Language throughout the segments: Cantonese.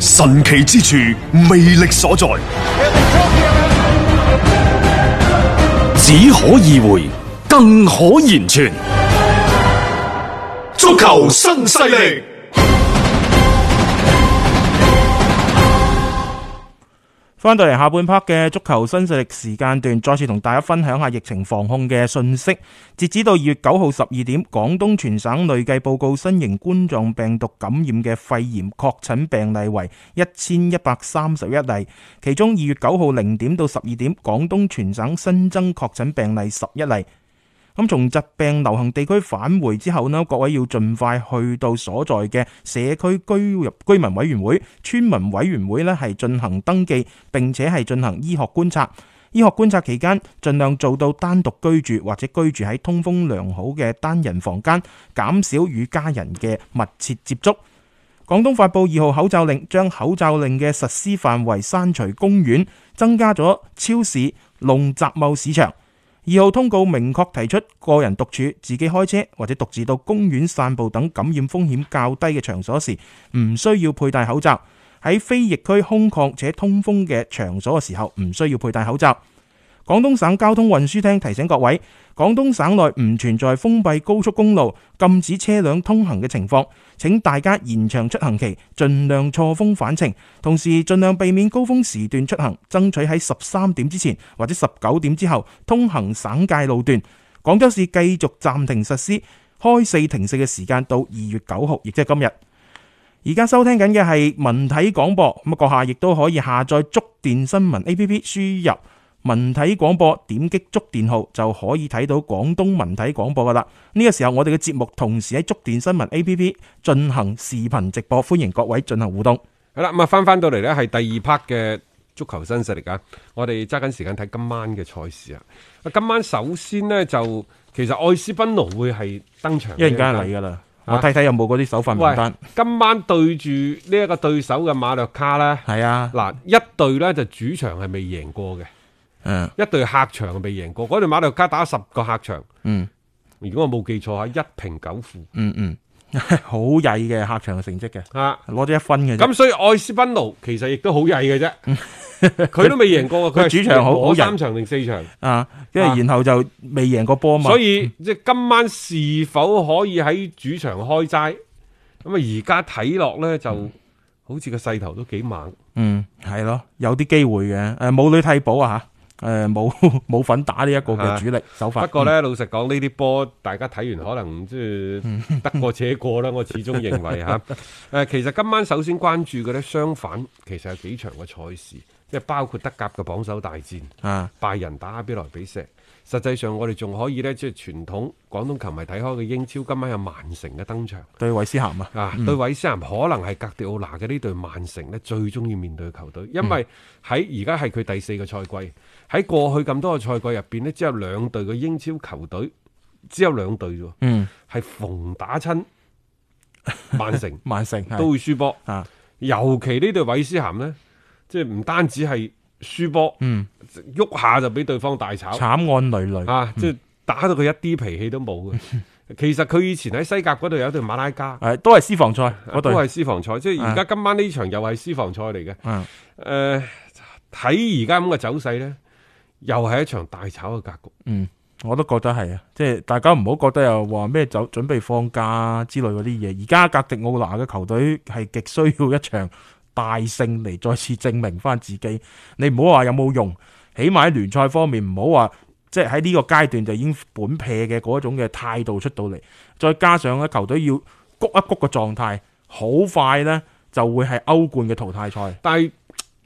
神奇之處，魅力所在，只可意會，更可言傳，足球新勢力。翻到嚟下半 part 嘅足球新勢力時間段，再次同大家分享下疫情防控嘅信息。截止到二月九號十二點，廣東全省累計報告新型冠狀病毒感染嘅肺炎確診病例為一千一百三十一例，其中二月九號零點到十二點，廣東全省新增確診病例十一例。咁從疾病流行地區返回之後呢，各位要盡快去到所在嘅社區居入居民委員會、村民委員會咧，係進行登記，並且係進行醫學觀察。醫學觀察期間，盡量做到單獨居住或者居住喺通風良好嘅單人房間，減少與家人嘅密切接觸。廣東發佈二號口罩令，將口罩令嘅實施範圍刪除公園，增加咗超市、農集貿市場。二號通告明確提出，個人獨處、自己開車或者獨自到公園散步等感染風險較低嘅場所時，唔需要佩戴口罩；喺非疫區空曠且通風嘅場所嘅時候，唔需要佩戴口罩。廣東省交通運輸廳提醒各位，廣東省內唔存在封閉高速公路禁止車輛通行嘅情況，請大家延長出行期，盡量錯峰返程，同時盡量避免高峰時段出行，爭取喺十三點之前或者十九點之後通行省界路段。廣州市繼續暫停實施開四停四嘅時間到二月九號，亦即係今日。而家收聽緊嘅係文體廣播，咁啊，閣下亦都可以下載觸電新聞 A P P，輸入。文體廣播，點擊觸電號就可以睇到廣東文體廣播噶啦。呢個時候我哋嘅節目同時喺觸電新聞 A P P 進行視頻直播，歡迎各位進行互動。好啦，咁啊翻翻到嚟呢係第二 part 嘅足球新勢力㗎。我哋揸緊時間睇今晚嘅賽事啊。今晚首先呢，就其實愛斯賓奴會係登場，一陣間嚟噶啦，我睇睇有冇嗰啲首發名單。今晚對住呢一個對手嘅馬略卡呢？係啊，嗱一隊呢，就主場係未贏過嘅。嗯、一隊客場未贏過，嗰隊馬略卡打十個客場，嗯，如果我冇記錯啊，一平九負，嗯嗯，好曳嘅客場嘅成績嘅，啊，攞咗一分嘅，咁所以愛斯賓奴其實亦、嗯、都好曳嘅啫，佢都未贏過佢主場好三場定四場啊，因為然後就未贏過波嘛、啊，所以、嗯、即係今晚是否可以喺主場開齋？咁啊，而家睇落咧，就好似個勢頭都幾猛，嗯，係咯，有啲機會嘅，誒、呃，冇女替補啊吓。誒、呃，冇冇份打呢一個嘅主力手法。啊嗯、不過呢，老實講呢啲波，大家睇完可能即係得過且過啦。 我始終認為吓，誒、啊，其實今晚首先關注嘅呢，相反其實有幾場嘅賽事，即係包括德甲嘅榜首大戰，啊，拜仁打 RB 萊比錫。實際上我哋仲可以呢，即係傳統廣東球迷睇開嘅英超，今晚有曼城嘅登場，對韋斯咸啊，啊對韋斯咸、嗯、可能係格迪奧拿嘅呢隊曼城呢，最中意面對嘅球隊，因為喺而家係佢第四個賽季。喺過去咁多個賽季入邊呢，只有兩隊嘅英超球隊，只有兩隊啫，嗯，係逢打親曼城，曼城 都會輸波，啊，尤其呢隊韋斯咸呢，即係唔單止係輸波，喐、嗯、下就俾對方大炒，慘案纍纍，啊，即、嗯、係打到佢一啲脾氣都冇嘅，嗯。其實佢以前喺西甲嗰度有一隊馬拉加，都係私房菜，都係私房菜，啊，即係而家今晚呢場又係私房菜嚟嘅，誒、啊，睇而家咁嘅走勢呢，又係一場大炒嘅格局，嗯，我都覺得係啊，即係大家唔好覺得又話咩走準備放假之類嗰啲嘢。而家格迪奧拿嘅球隊係極需要一場大勝嚟，再次證明翻自己，你唔好話有冇用，起碼喺聯賽方面唔好話即係喺呢個階段就已經本撇嘅嗰一種嘅態度出到嚟，再加上咧球隊要谷一谷嘅狀態，好快呢就會係歐冠嘅淘汰賽，但係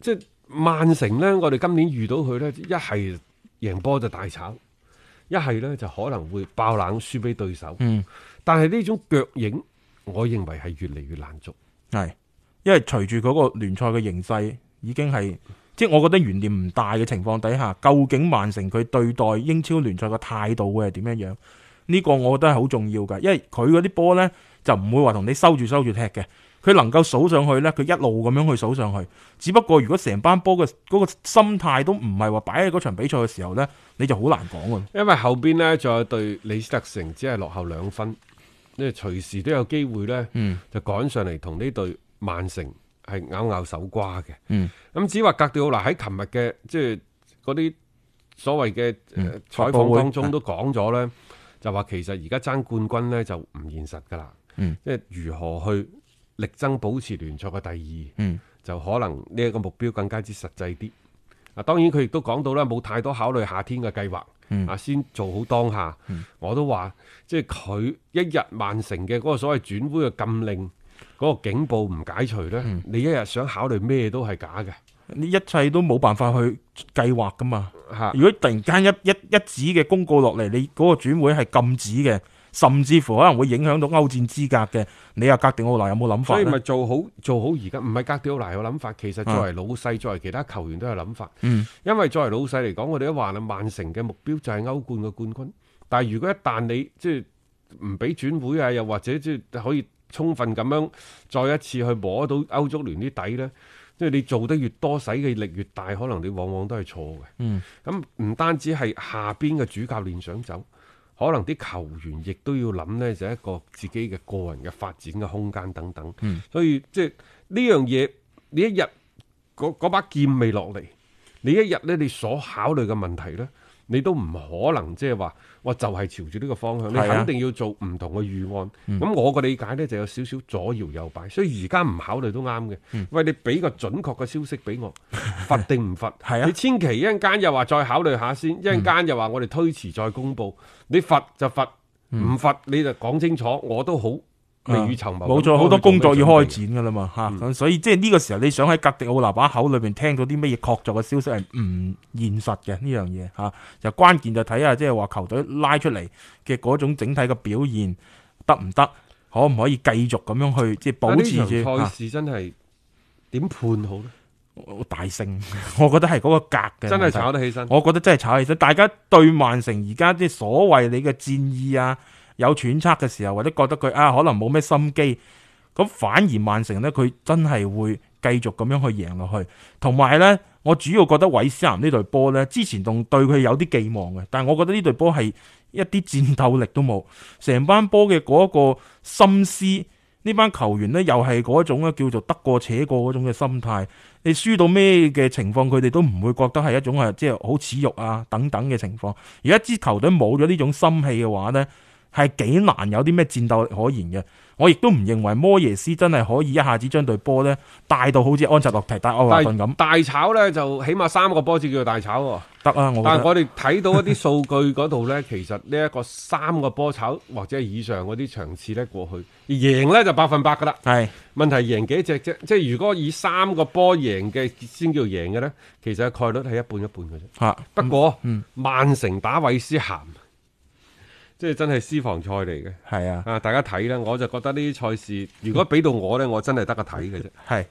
即曼城呢，我哋今年遇到佢呢，一係贏波就大炒，一係呢就可能會爆冷輸俾對手。嗯，但係呢種腳影，我認為係越嚟越難捉，係，因為隨住嗰個聯賽嘅形勢，已經係即係，我覺得懸念唔大嘅情況底下，究竟曼城佢對待英超聯賽嘅態度會係點樣樣？呢個我覺得係好重要㗎，因為佢嗰啲波呢，就唔會話同你收住收住踢嘅。佢能夠數上去咧，佢一路咁樣去數上去。只不過如果成班波嘅嗰個心態都唔係話擺喺嗰場比賽嘅時候咧，你就好難講嘅。因為後邊呢，仲有對李斯特城只係落後兩分，你隨時都有機會咧，嗯，就趕上嚟同呢對曼城係咬咬手瓜嘅。嗯，咁只話哥迪奧拿喺琴日嘅即係嗰啲所謂嘅採訪當中都講咗咧，就話其實而家爭冠軍咧就唔現實噶啦。即、嗯、係如何去？力爭保持聯賽嘅第二，嗯，就可能呢一個目標更加之實際啲。啊，當然佢亦都講到啦，冇太多考慮夏天嘅計劃，啊、嗯，先做好當下。嗯、我都話，即係佢一日曼城嘅嗰個所謂轉會嘅禁令，嗰、嗰個警報唔解除咧、嗯，你一日想考慮咩都係假嘅。你一切都冇辦法去計劃噶嘛？吓，如果突然間一一一紙嘅公告落嚟，你嗰個轉會係禁止嘅。甚至乎可能會影響到歐戰資格嘅，你又格迪奧拿有冇諗法？所以咪做好做好而家，唔係格迪奧拿有諗法，其實作為老細，作為其他球員都有諗法。嗯，因為作為老細嚟講，我哋都話啦，曼城嘅目標就係歐冠嘅冠軍。但係如果一旦你即係唔俾轉會啊，又或者即係可以充分咁樣再一次去摸到歐足聯啲底咧，即係你做得越多，使嘅力越大，可能你往往都係錯嘅。嗯，咁唔單止係下邊嘅主教練想走。可能啲球員亦都要諗咧，就係一個自己嘅個人嘅發展嘅空間等等。嗯、所以即係呢樣嘢，你一日嗰把劍未落嚟，你一日咧，你所考慮嘅問題咧。你都唔可能即係話，我就係朝住呢個方向，你肯定要做唔同嘅預案。咁、啊、我個理解呢就有少少左搖右擺，所以而家唔考慮都啱嘅、啊。喂，你俾個準確嘅消息俾我，罰定唔罰？係啊，你千祈一陣間又話再考慮下先，一陣間又話我哋推遲再公布。你罰就罰，唔罰你就講清楚，我都好。未雨綢繆，冇錯，好多工作要開展噶啦嘛吓，嗯、所以即係呢個時候，你想喺格迪奧拿把口裏邊聽到啲乜嘢確鑿嘅消息係唔現實嘅呢樣嘢吓，就關鍵就睇下即係話球隊拉出嚟嘅嗰種整體嘅表現得唔得，可唔可以繼續咁樣去即係保持住。賽事真係點、啊、判好呢大勝，我覺得係嗰個格嘅，真係炒得起身。我覺得真係炒得起身。大家對曼城而家即係所謂你嘅戰意啊？有揣測嘅時候，或者覺得佢啊可能冇咩心機，咁反而曼城呢，佢真係會繼續咁樣去贏落去。同埋呢，我主要覺得韋斯咸呢隊波呢，之前仲對佢有啲寄望嘅，但係我覺得呢隊波係一啲戰鬥力都冇，成班波嘅嗰個心思，呢班球員呢，又係嗰種咧叫做得過且過嗰種嘅心態。你輸到咩嘅情況，佢哋都唔會覺得係一種係，即係好恥辱啊等等嘅情況。而一支球隊冇咗呢種心氣嘅話呢。係幾難有啲咩戰鬥力可言嘅，我亦都唔認為摩耶斯真係可以一下子將對波咧帶到好似安扎洛提帶歐華頓咁。大炒咧就起碼三個波先叫做大炒喎。得啊，我但係我哋睇到一啲數據嗰度咧， 其實呢一個三個波炒或者以上嗰啲場次咧過去，贏咧就百分百噶啦。係問題贏幾隻啫？即係如果以三個波贏嘅先叫贏嘅咧，其實概率係一半一半嘅啫。吓、啊，不過曼城、嗯嗯、打韋斯咸。即係真係私房菜嚟嘅，係啊！啊，大家睇啦，我就覺得呢啲賽事，如果俾到我咧、嗯，我真係得個睇嘅啫。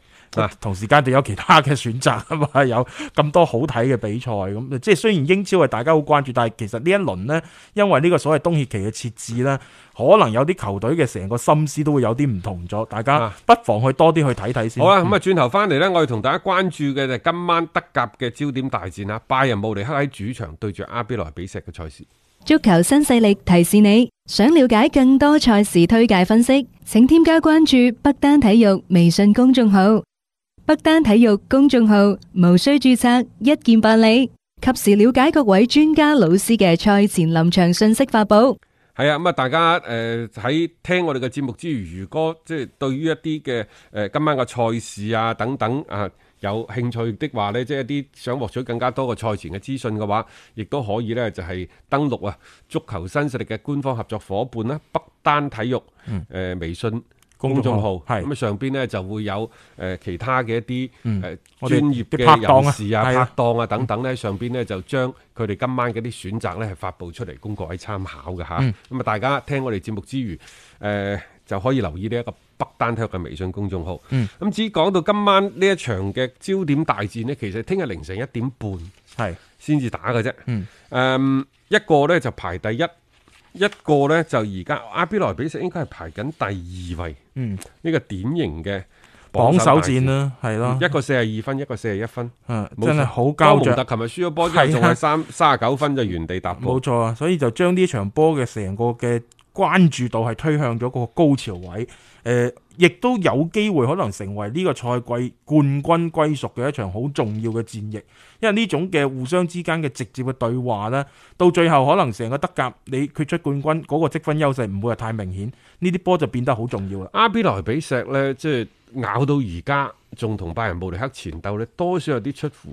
同時間仲有其他嘅選擇啊嘛， 有咁多好睇嘅比賽咁、嗯。即係雖然英超係大家好關注，但係其實呢一輪呢，因為呢個所謂冬歇期嘅設置呢，嗯、可能有啲球隊嘅成個心思都會有啲唔同咗。大家不妨去多啲去睇睇先。啊、好啦、啊，咁啊轉頭翻嚟呢，我哋同大家關注嘅就係今晚德甲嘅焦點大戰啊、嗯，拜仁慕尼克喺主場對住阿比萊比錫嘅賽事。足球新勢力提示你，想了解更多賽事推介分析，請添加關注北單體育微信公眾號。北單體育公眾號無需注冊，一鍵辦理，及時了解各位專家老師嘅賽前臨場信息發布。係啊，咁啊，大家誒喺聽我哋嘅節目之餘，如果即係對於一啲嘅誒今晚嘅賽事啊等等啊。有興趣的話呢，即係一啲想獲取更加多嘅賽前嘅資訊嘅話，亦都可以呢就係登錄啊足球新勢力嘅官方合作伙伴啦，北單體育誒、嗯呃、微信公眾號，咁啊、嗯、上邊呢就會有誒其他嘅一啲誒專業嘅人士、嗯、的啊、拍檔啊，啊等等呢、啊、上邊呢就將佢哋今晚嘅啲選擇呢係發布出嚟，供各位參考嘅嚇。咁、嗯、啊、嗯嗯，大家聽我哋節目之餘，誒、呃。就可以留意呢一個北單體育嘅微信公眾號。咁、嗯、至於講到今晚呢一場嘅焦點大戰呢，其實聽日凌晨一點半先至打嘅啫、嗯嗯。一個呢就排第一，一個呢就而家 RB 萊比錫應該係排緊第二位。呢、嗯呢個典型嘅榜首戰啦，係咯，一個四十二分，一個四十一分，真係好膠着，但琴日輸咗波，仲係三十九分就原地踏步，冇錯啊。所以就將呢場波嘅成個嘅。關注度係推向咗個高潮位，誒、呃，亦都有機會可能成為呢個賽季冠軍歸屬嘅一場好重要嘅戰役，因為呢種嘅互相之間嘅直接嘅對話呢，到最後可能成個德甲你決出冠軍嗰、那個積分優勢唔會係太明顯，呢啲波就變得好重要啦。阿比萊比錫呢，即、就、係、是、咬到而家仲同拜仁慕尼黑前鬥呢，多少有啲出乎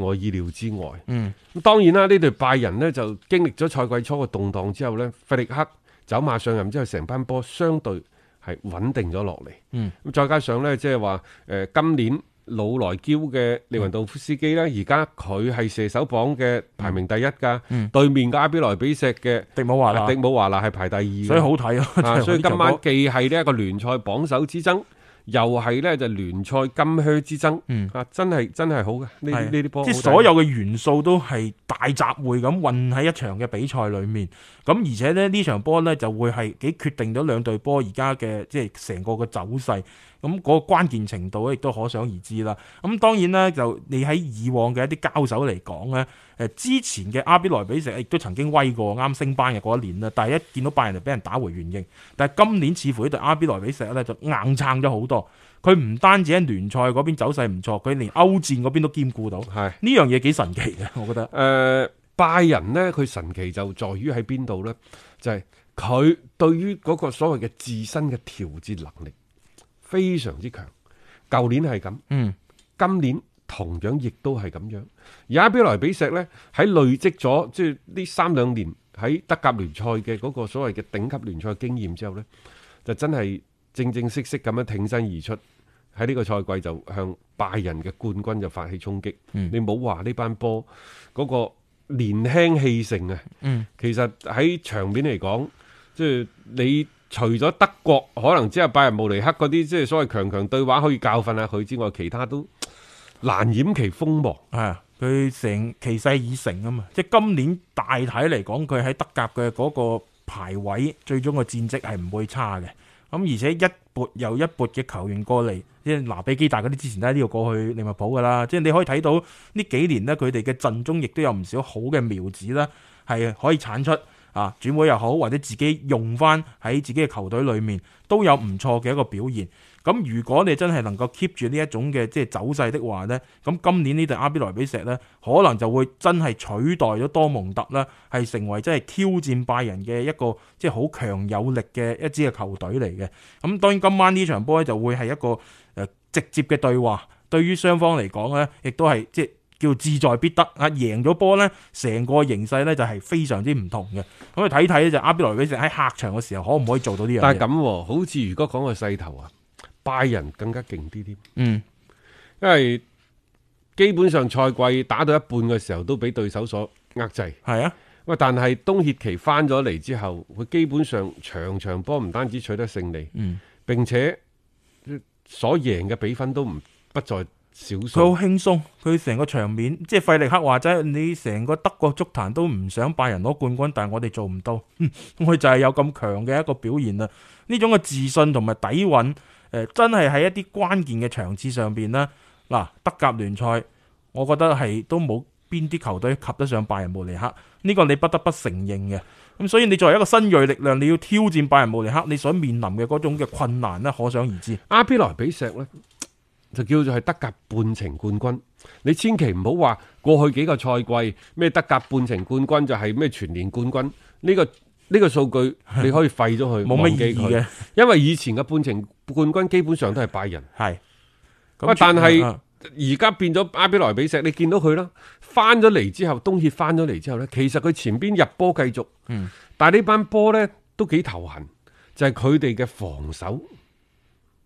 我意料之外。嗯，咁當然啦，呢隊拜仁呢就經歷咗賽季初嘅動盪之後呢，費力克走馬上任之後，成班波相對係穩定咗落嚟。嗯，咁再加上呢，即係話誒，今年老來嬌嘅利雲道夫斯基呢，而家佢係射手榜嘅排名第一㗎。嗯，對面嘅阿比萊比錫嘅迪姆華、迪姆華納係、啊、排第二。所以好睇啊、就是球球！所以今晚既係呢一個聯賽榜首之爭。又係咧，就聯賽金靴之爭，嗯、啊，真係真係好噶呢呢啲波，即係、這個、所有嘅元素都係大雜燴咁混喺一場嘅比賽裏面，咁而且咧，呢場波呢就會係幾決定咗兩隊波而家嘅即係成個嘅走勢。咁、那、嗰個關鍵程度咧，亦都可想而知啦。咁當然啦，就你喺以往嘅一啲交手嚟講咧，之前嘅阿比萊比錫亦都曾經威過啱升班嘅嗰一年啦。但係一見到拜仁就俾人打回原形。但係今年似乎呢隊阿比萊比錫咧就硬撐咗好多。佢唔單止喺聯賽嗰邊走勢唔錯，佢連歐戰嗰邊都兼顧到，係呢樣嘢幾神奇嘅，我覺得誒、呃、拜仁呢，佢神奇就在於喺邊度咧？就係、是、佢對於嗰個所謂嘅自身嘅調節能力。非常之強，舊年係咁，今年同樣亦都係咁樣。而 RB 萊比錫咧，喺累積咗即係呢三兩年喺德甲聯賽嘅嗰個所謂嘅頂級聯賽經驗之後咧，就真係正正式式咁樣挺身而出，喺呢個賽季就向拜仁嘅冠軍就發起衝擊。你冇話呢班波嗰個年輕氣盛啊，其實喺場面嚟講，即係你。除咗德國可能只係拜仁慕尼黑嗰啲，即係所謂強強對話，可以教訓下佢之外，其他都難掩其風芒，啊。係佢成其勢已成啊嘛！即係今年大體嚟講，佢喺德甲嘅嗰個排位，最終嘅戰績係唔會差嘅。咁而且一撥又一撥嘅球員過嚟，即係拿比基大嗰啲，之前都喺呢度過去利物浦噶啦。即係你可以睇到呢幾年呢，佢哋嘅陣中亦都有唔少好嘅苗子啦，係可以產出。啊，轉會又好，或者自己用翻喺自己嘅球隊裏面，都有唔錯嘅一個表現。咁如果你真係能夠 keep 住呢一種嘅即係走勢的話呢，咁今年呢隊阿比萊比錫呢，可能就會真係取代咗多蒙特啦，係成為真係挑戰拜仁嘅一個即係好強有力嘅一支嘅球隊嚟嘅。咁當然今晚場呢場波咧就會係一個、呃、直接嘅對話，對於雙方嚟講呢，亦都係即係。叫志在必得啊！贏咗波呢，成個形勢呢就係非常之唔同嘅。咁你睇睇就阿比萊嗰隻喺客場嘅時候可唔可以做到呢樣？但係咁，好似如果講個勢頭啊，拜仁更加勁啲添。嗯，因為基本上賽季打到一半嘅時候都俾對手所遏制。係啊，但係冬歇期翻咗嚟之後，佢基本上場場波唔單止取得勝利，嗯，並且所贏嘅比分都唔不再。佢好輕鬆，佢成個場面即係費力克話齋，你成個德國足壇都唔想拜仁攞冠軍，但係我哋做唔到，佢、嗯、就係有咁強嘅一個表現啦。呢種嘅自信同埋底蘊，誒、呃，真係喺一啲關鍵嘅場次上邊呢嗱，德甲聯賽，我覺得係都冇邊啲球隊及得上拜仁慕尼克。呢、這個你不得不承認嘅。咁所以你作為一個新銳力量，你要挑戰拜仁慕尼克，你所面臨嘅嗰種嘅困難呢，可想而知。阿皮萊比錫呢。就叫做係德甲半程冠軍，你千祈唔好話過去幾個賽季咩德甲半程冠軍就係咩全年冠軍，呢個呢個數據你可以廢咗佢，冇乜意義嘅。因為以前嘅半程冠軍基本上都係拜仁，係。喂，啊、但係而家變咗 RB 萊比錫，你見到佢啦，翻咗嚟之後，冬歇翻咗嚟之後呢，其實佢前邊入波繼續，但係呢班波呢都幾頭痕，就係佢哋嘅防守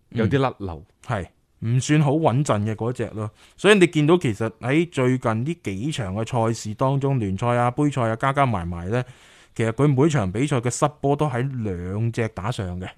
有啲甩漏，係、嗯。唔算好穩陣嘅嗰隻咯，所以你見到其實喺最近呢幾場嘅賽事當中，聯賽啊、杯賽啊加加埋埋呢，其實佢每場比賽嘅失波都喺兩隻打上嘅。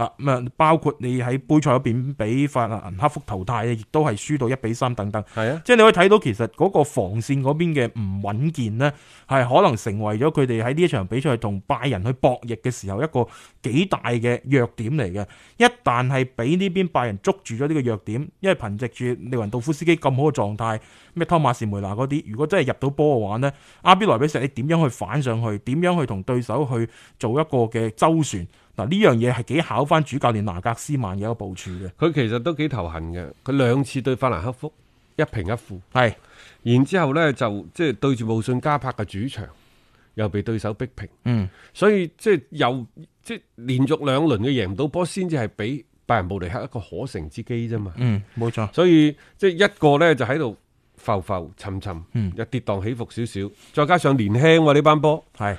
啊！包括你喺杯賽嗰邊俾法蘭克福淘汰啊，亦都係輸到一比三等等。係啊，即係你可以睇到其實嗰個防線嗰邊嘅唔穩健呢，係可能成為咗佢哋喺呢一場比賽同拜仁去博弈嘅時候一個幾大嘅弱點嚟嘅。一旦係俾呢邊拜仁捉住咗呢個弱點，因為憑藉住利雲道夫斯基咁好嘅狀態，咩湯馬士梅拿嗰啲，如果真係入到波嘅話呢，阿比萊比錫，你點樣去反上去？點樣去同對手去做一個嘅周旋？嗱呢樣嘢係幾考翻主教練拿格斯曼有一個部署嘅，佢其實都幾頭痕嘅。佢兩次對法蘭克福一平一負，係，然之後咧就即係、就是、對住慕遜加柏嘅主場，又被對手逼平。嗯，所以即係、就是、又即係、就是、連續兩輪嘅贏唔到波，先至係俾拜仁慕尼克一個可乘之機啫嘛。嗯，冇錯。所以即係、就是、一個呢，就喺度浮浮沉沉，嗯、又跌宕起伏少少，再加上年輕喎、啊、呢班波，係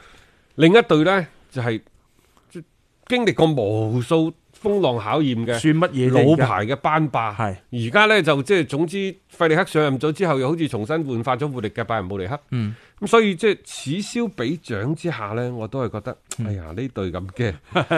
另一隊呢，就係、是。經歷過無數風浪考驗嘅，算乜嘢？老牌嘅班霸現在，係而家咧就即、是、係總之費力克上任咗之後，又好似重新煥發咗活力嘅拜仁慕尼黑。嗯。咁所以即係此消彼長之下咧，我都係覺得，哎呀呢對咁嘅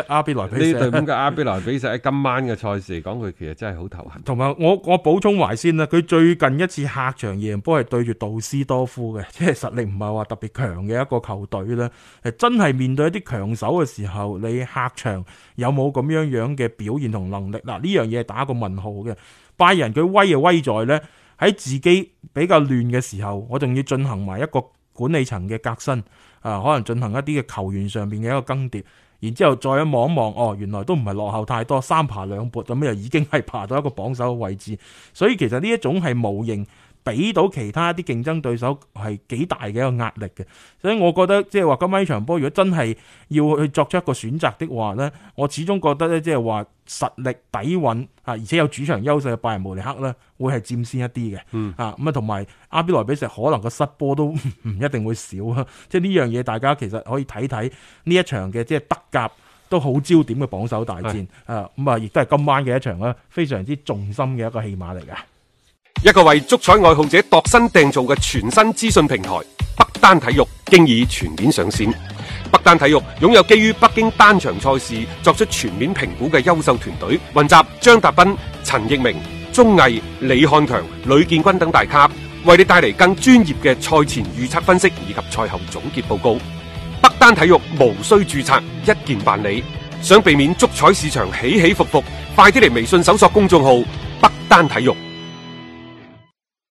阿比萊比，呢對咁嘅阿比萊比錫喺 今晚嘅賽事嚟講，佢其實真係好頭痕。同埋我我補充埋先啦，佢最近一次客場贏波係對住道斯多夫嘅，即係實力唔係話特別強嘅一個球隊咧。係真係面對一啲強手嘅時候，你客場有冇咁樣樣嘅表現同能力嗱？呢樣嘢打個問號嘅。拜仁佢威就威在咧，喺自己比較亂嘅時候，我仲要進行埋一個。管理層嘅革新，啊，可能進行一啲嘅球員上邊嘅一個更迭，然之後再一望一望，哦，原來都唔係落後太多，三爬兩撥，咁又已經係爬到一個榜首嘅位置，所以其實呢一種係模型。俾到其他啲競爭對手係幾大嘅一個壓力嘅，所以我覺得即係話今晚呢場波，如果真係要去作出一個選擇的話咧，我始終覺得咧即係話實力底蘊啊，而且有主場優勢嘅拜仁慕尼黑咧，會係佔先一啲嘅。啊咁啊，同埋阿比萊比錫可能個失波都唔一定會少啊。即係呢樣嘢，大家其實可以睇睇呢一場嘅即係德甲都好焦點嘅榜首大戰啊。咁、哎、啊，亦都係今晚嘅一場咧，非常之重心嘅一個戲碼嚟嘅。一個為足彩愛好者度身訂造嘅全新資訊平台北單體育經已全面上線。北單體育擁有基於北京單場賽事作出全面評估嘅優秀團隊，雲集張達斌、陳奕明、鍾毅、李漢強、呂建軍等大咖，為你帶嚟更專業嘅賽前預測分析以及賽後總結報告。北單體育無需注冊，一鍵辦理。想避免足彩市場起起伏伏，快啲嚟微信搜索公眾號北單體育。